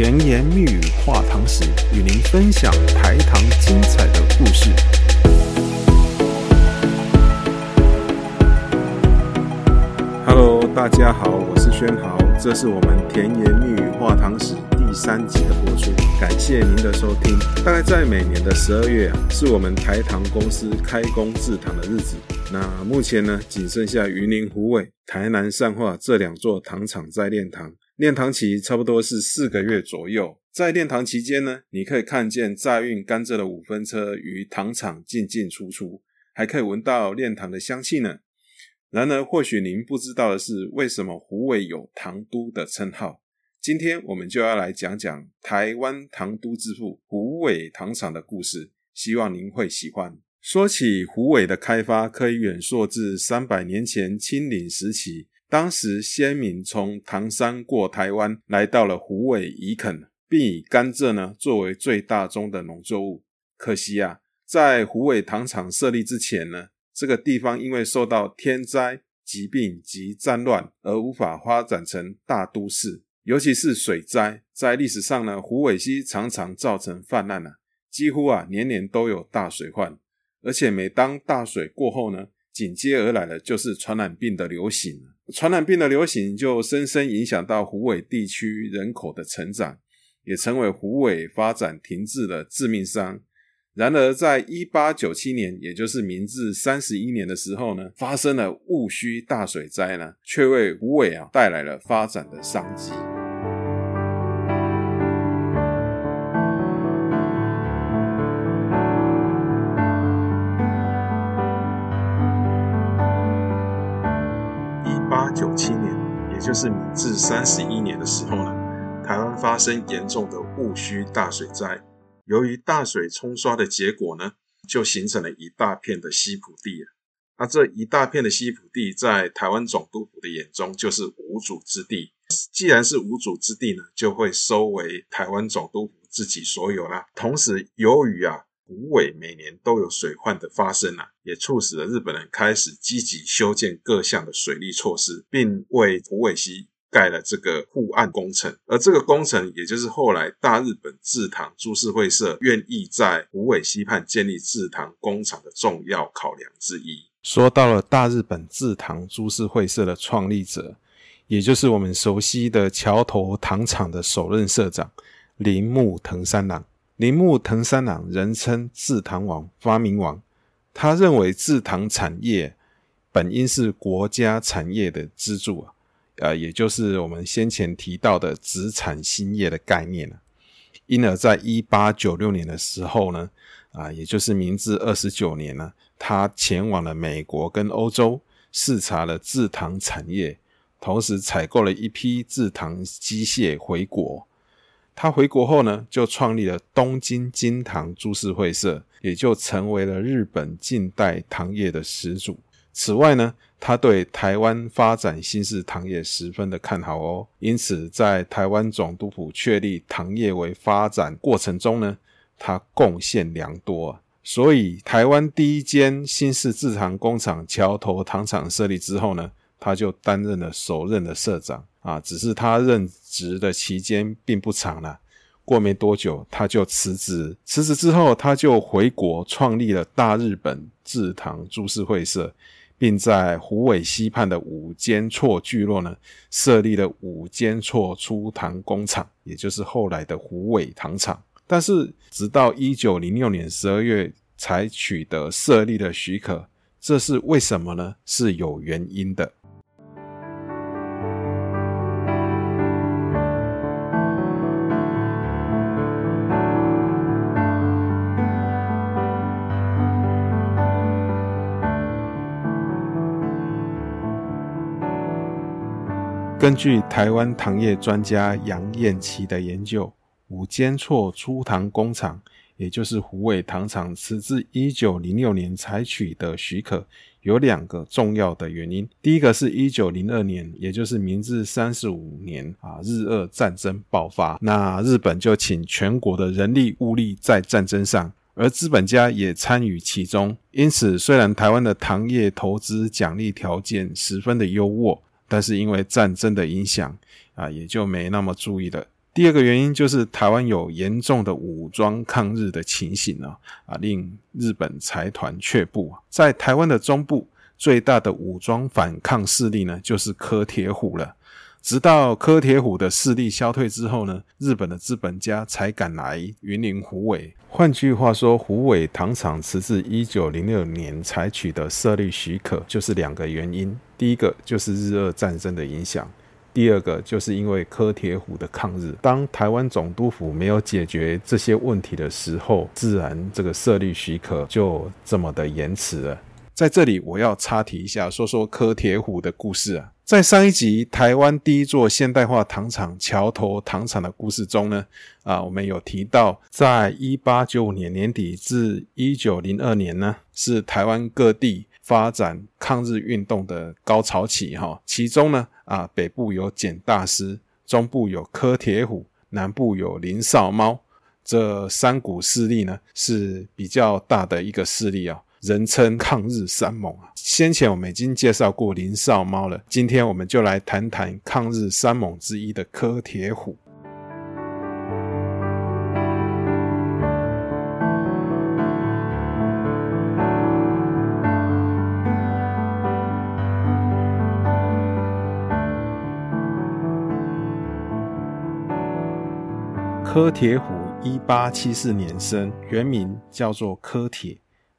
甜言蜜語話糖史，與您分享台糖精彩的故事。Hello，大家好，我是軒豪，這是我們甜言蜜語話糖史第三集的播出。感謝您的收聽。大概在每年的十二月啊，是我們台糖公司開工制糖的日子。那目前呢，僅剩下雲林虎尾、台南善化這兩座糖廠在煉糖。煉糖期差不多是四個月左右，在煉糖期間呢，你可以看見載運甘蔗的五分車於糖廠進進出出，還可以聞到煉糖的香氣呢。然而，或許您不知道的是，為什麼虎尾有“糖都”的稱號？今天我們就要來講講台灣糖都之父虎尾糖廠的故事，希望您會喜歡。說起虎尾的開發，可以遠溯至三百年前清領時期。當時先民從唐山過台灣，來到了虎尾移墾，並以甘蔗呢作為最大宗的農作物。可惜啊，在虎尾糖廠設立之前呢，這個地方因為受到天災、疾病及戰亂而無法發展成大都市。尤其是水災，在歷史上呢，虎尾溪常常造成氾濫啊，幾乎啊年年都有大水患。而且每當大水過後呢，緊接而來的就是傳染病的流行，傳染病的流行就深深影響到虎尾地區人口的成長，也成為虎尾發展停滯的致命傷。然而，在一八九七年，也就是明治三十一年的時候呢，發生了戊戌大水災呢，卻為虎尾啊帶來了發展的商機。就是明治三十一年的時候呢，台灣發生嚴重的戊戌大水災。由於大水沖刷的結果呢，就形成了一大片的溪埔地。那、啊、這一大片的溪埔地，在台灣總督府的眼中就是無主之地。既然是無主之地呢，就會收為台灣總督府自己所有啦，同時，由於啊。虎尾每年都有水患的發生啊，也促使了日本人開始積極修建各項的水利措施，並為虎尾溪蓋了這個護岸工程。而這個工程，也就是後來大日本制糖株式會社願意在虎尾溪畔建立制糖工廠的重要考量之一。說到了大日本制糖株式會社的創立者，也就是我們熟悉的橋頭糖廠的首任社長鈴木藤三郎。鈴木藤三郎，人稱製糖王、發明王。他認為製糖產業本應是國家產業的支柱啊，呃，也就是我們先前提到的“殖產興業”的概念。因而，在一八九六年的時候呢，啊，也就是明治二十九年呢，他前往了美國跟歐洲視察了製糖產業，同時採購了一批製糖機械回國。他回國後呢，就創立了東京精糖株式會社，也就成為了日本近代糖業的始祖。此外呢，他對台灣發展新式糖業十分的看好哦。因此，在台灣總督府確立糖業為發展過程中呢，他貢獻良多。所以，台灣第一間新式制糖工廠橋頭糖廠設立之後呢，他就擔任了首任的社長。啊，只是他任職的期間並不長啦，過沒多久他就辭職。辭職之後，他就回國，創立了大日本製糖株式會社，並在虎尾溪畔的五間厝聚落呢，設立了五間厝初糖工廠，也就是後來的虎尾糖廠。但是，直到一九零六年十二月才取得設立的許可，這是為什麼呢？是有原因的。根據台灣糖業專家楊彥騏的研究，五間厝粗糖工廠，也就是虎尾糖廠，遲至一九零六年才取得許可，有兩個重要的原因。第一個是一九零二年，也就是明治三十五年啊，日俄戰爭爆發，那日本就請全國的人力物力在戰爭上，而資本家也參與其中。因此，雖然台灣的糖業投資獎勵條件十分的優渥。但是因為戰爭的影響啊，也就沒那麼注意了。第二個原因就是台灣有嚴重的武裝抗日的情形呢，啊，令日本財團卻步。在台灣的中部，最大的武裝反抗勢力呢，就是柯鐵虎了。直到柯鐵虎的勢力消退之後呢，日本的資本家才敢來雲林虎尾。換句話說，虎尾糖廠遲至一九零六年才取得設立許可，就是兩個原因：第一個就是日俄戰爭的影響，第二個就是因為柯鐵虎的抗日。當台灣總督府沒有解決這些問題的時候，自然這個設立許可就這麼的延遲了。在這裡，我要插題一下，說說柯鐵虎的故事啊。在上一集《臺灣第一座現代化糖廠——橋頭糖廠》的故事中呢，啊，我們有提到，在一八九五年年底至一九零二年呢，是臺灣各地發展抗日運動的高潮期，哈。其中呢，啊，北部有簡大獅，中部有柯鐵虎，南部有林少貓，這三股勢力呢是比較大的一個勢力啊、哦。人稱抗日三猛啊！先前我們已經介紹過林少貓了，今天我們就來談談抗日三猛之一的柯鐵虎。柯鐵虎一八七四年生，原名叫做柯鐵。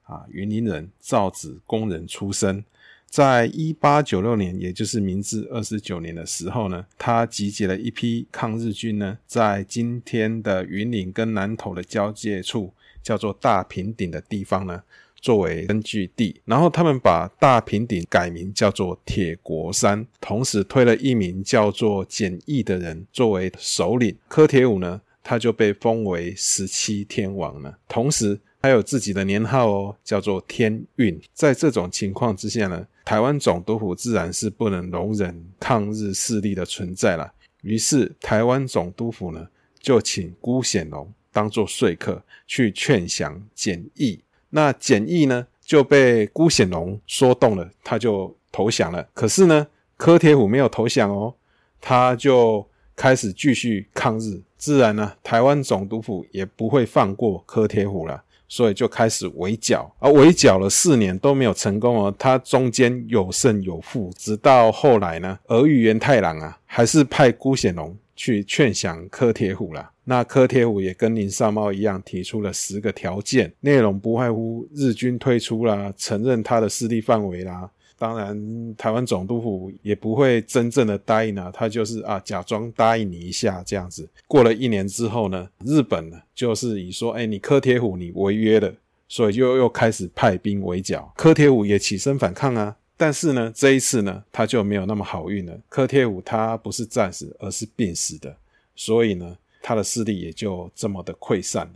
啊，雲林人，造紙工人出身。在一八九六年，也就是明治二十九年的時候呢，他集結了一批抗日軍呢，在今天的雲林跟南投的交界處，叫做大平頂的地方呢，作為根據地。然後他們把大平頂改名叫做鐵國山，同時推了一名叫做簡義的人作為首領。柯鐵虎呢，他就被封為十七天王呢，同時。還有自己的年號哦，叫做天運。在這種情況之下呢，台灣總督府自然是不能容忍抗日勢力的存在了。於是，台灣總督府呢就請辜顯榮當做說客去勸降簡義。那簡義呢就被辜顯榮說動了，他就投降了。可是呢，柯鐵虎沒有投降哦，他就開始繼續抗日。自然呢，台灣總督府也不會放過柯鐵虎了。所以就開始圍剿，而、啊、圍剿了四年都沒有成功哦。他中間有勝有負，直到後來呢，兒玉源太郎啊，還是派辜顯榮去勸降柯鐵虎了。那柯鐵虎也跟林少貓一樣，提出了十個條件，內容不外乎日軍退出啦，承認他的勢力範圍啦。當然，臺灣總督府也不會真正的答應啊，他就是啊，假裝答應你一下這樣子。過了一年之後呢，日本呢就是以說，哎、欸，你柯鐵虎你違約了，所以就又開始派兵圍剿，柯鐵虎也起身反抗啊。但是呢，這一次呢，他就沒有那麼好運了。柯鐵虎他不是戰死，而是病死的，所以呢，他的勢力也就這麼的潰散了。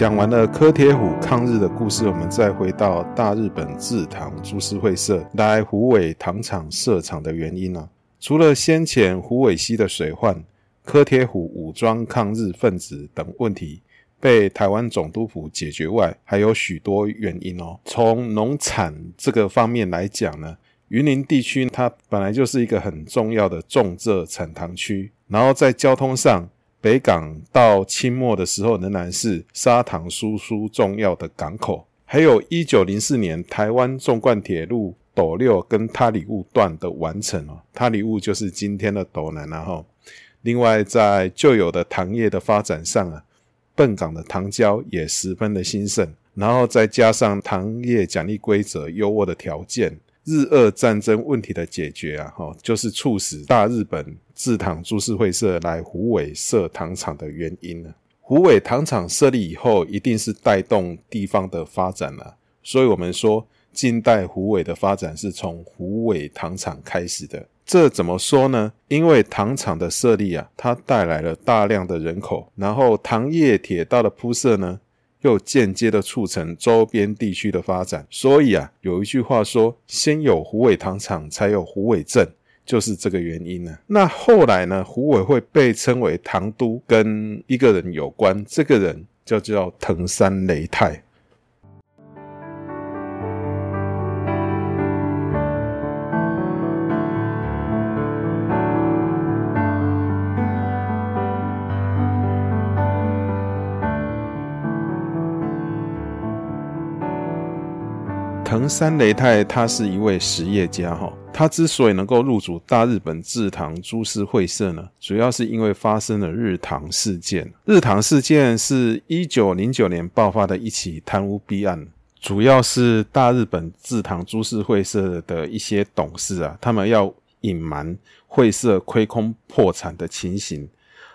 講完了柯鐵虎抗日的故事，我們再回到大日本制糖株式會社來虎尾糖廠設廠的原因呢，除了先前虎尾溪的水患、柯鐵虎武裝抗日分子等問題被台灣總督府解決外，還有許多原因哦。從農產這個方面來講呢，雲林地區它本來就是一個很重要的種蔗產糖區，然後在交通上。北港到清末的時候仍然是砂糖輸出重要的港口，還有一九零四年台灣縱貫鐵路斗六跟他裡霧段的完成哦，他裡霧就是今天的斗南了哈。另外，在舊有的糖業的發展上啊，笨港的糖膠也十分的興盛，然後再加上糖業獎勵規則優渥的條件。日俄戰爭問題的解決啊，齁，就是促使大日本製糖株式會社來虎尾設糖廠的原因呢。虎尾糖廠設立以後，一定是帶動地方的發展了啊。所以我們說，近代虎尾的發展是從虎尾糖廠開始的。這怎麼說呢？因為糖廠的設立啊，它帶來了大量的人口，然後糖業鐵道的鋪設呢。又間接的促成周邊地區的發展，所以啊，有一句話說，先有虎尾糖廠，才有虎尾鎮，就是這個原因呢、啊。那後來呢，虎尾會被稱為糖都，跟一個人有關，這個人就叫藤山雷太。藤山雷太他是一位實業家，哈，他之所以能夠入主大日本製糖株式會社呢，主要是因為發生了日糖事件。日糖事件是一九零九年爆發的一起貪汙弊案，主要是大日本製糖株式會社的一些董事啊，他們要隱瞞會社虧空破產的情形，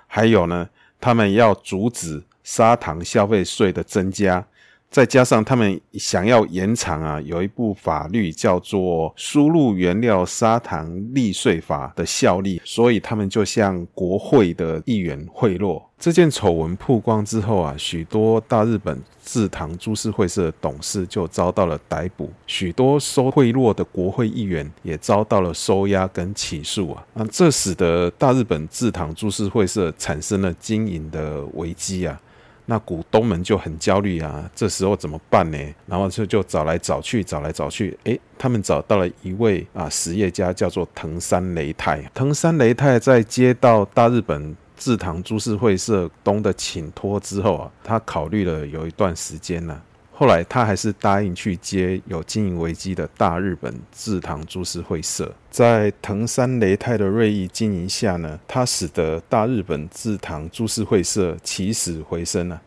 還有呢，他們要阻止砂糖消費稅的增加。再加上他們想要延長啊，有一部法律叫做《輸入原料砂糖利稅法》的效力，所以他們就向國會的議員賄賂。這件醜聞曝光之後啊，許多大日本製糖株式會社的董事就遭到了逮捕，許多收賄賂的國會議員也遭到了收押跟起訴啊。那這使得大日本製糖株式會社產生了經營的危機啊。那股東們就很焦慮啊，這時候怎麼辦呢？然後就就找來找去，找來找去，誒他們找到了一位啊實業家，叫做藤山雷太。藤山雷太在接到大日本製糖株式會社東的請托之後啊，他考慮了有一段時間啊。後來，他還是答應去接有經營危機的大日本製糖株式會社。在藤山雷太的銳意經營下呢，他使得大日本製糖株式會社起死回生了，啊。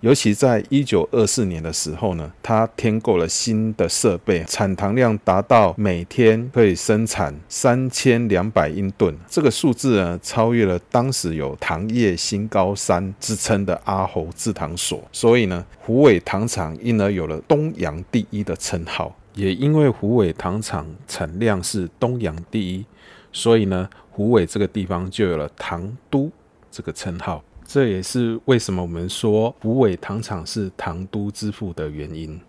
尤其在一九二四年的時候呢，他添購了新的設備，產糖量達到每天可以生產三千兩百英噸，這個數字呢超越了當時有“糖業新高山”之稱的阿猴制糖所，所以呢，虎尾糖廠因而有了東洋第一的稱號。也因為虎尾糖廠產量是東洋第一，所以呢，虎尾這個地方就有了“糖都”這個稱號。這也是為什麼我們說虎尾糖廠是糖都之父的原因。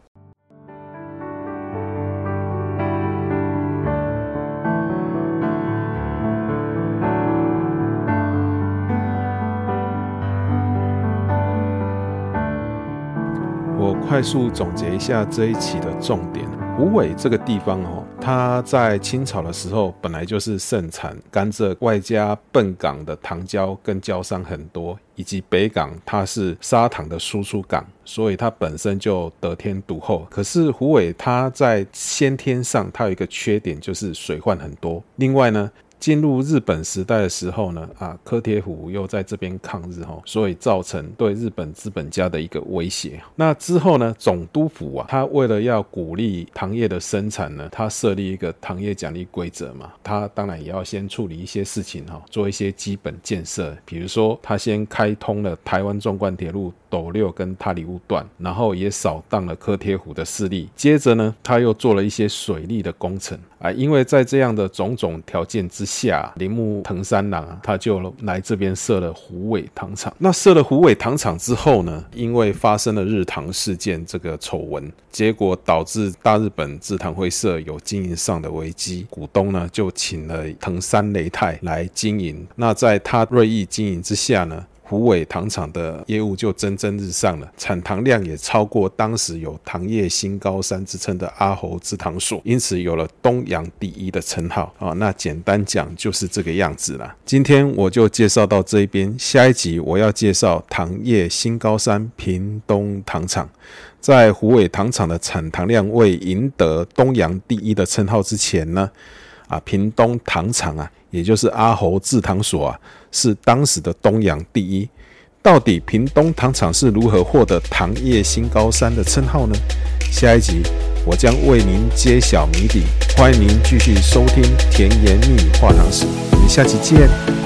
我快速總結一下這一期的重點：虎尾這個地方哦，它在清朝的時候本來就是盛產甘蔗，外加笨港的糖郊跟郊商很多。以及北港，它是砂糖的輸出港，所以它本身就得天獨厚。可是虎尾他在先天上，他有一個缺點，就是水患很多。另外呢。進入日本時代的時候呢，啊，柯鐵虎又在這邊抗日哈，所以造成對日本資本家的一個威脅。那之後呢，總督府啊，他為了要鼓勵糖業的生產呢，他設立一個糖業獎勵規則嘛，他當然也要先處理一些事情哈，做一些基本建設，比如說他先開通了台灣縱貫鐵路。斗六跟塔里烏段，然後也掃蕩了柯鐵虎的勢力。接着呢，他又做了一些水利的工程啊。因為在這樣的種種條件之下，鈴木藤三郎啊，他就來這邊設了虎尾糖廠。那設了虎尾糖廠之後呢，因為發生了日糖事件這個醜聞，結果導致大日本製糖會社有經營上的危機，股東呢就請了藤山雷太來經營。那在他銳意經營之下呢，虎尾糖廠的業務就蒸蒸日上了，產糖量也超過當時有糖業新高山之稱的阿猴製糖所，因此有了東洋第一的稱號。啊、哦，那簡單講就是這個樣子了。今天我就介紹到這一邊，下一集我要介紹糖業新高山屏東糖廠。在虎尾糖廠的產糖量未贏得東洋第一的稱號之前呢，啊，屏東糖廠啊，也就是阿猴製糖所啊，是當時的東洋第一。到底屏東糖廠是如何獲得“糖業新高山”的稱號呢？下一集我將為您揭曉謎底。歡迎您繼續收聽《甜言蜜語話糖史》，我們下期見。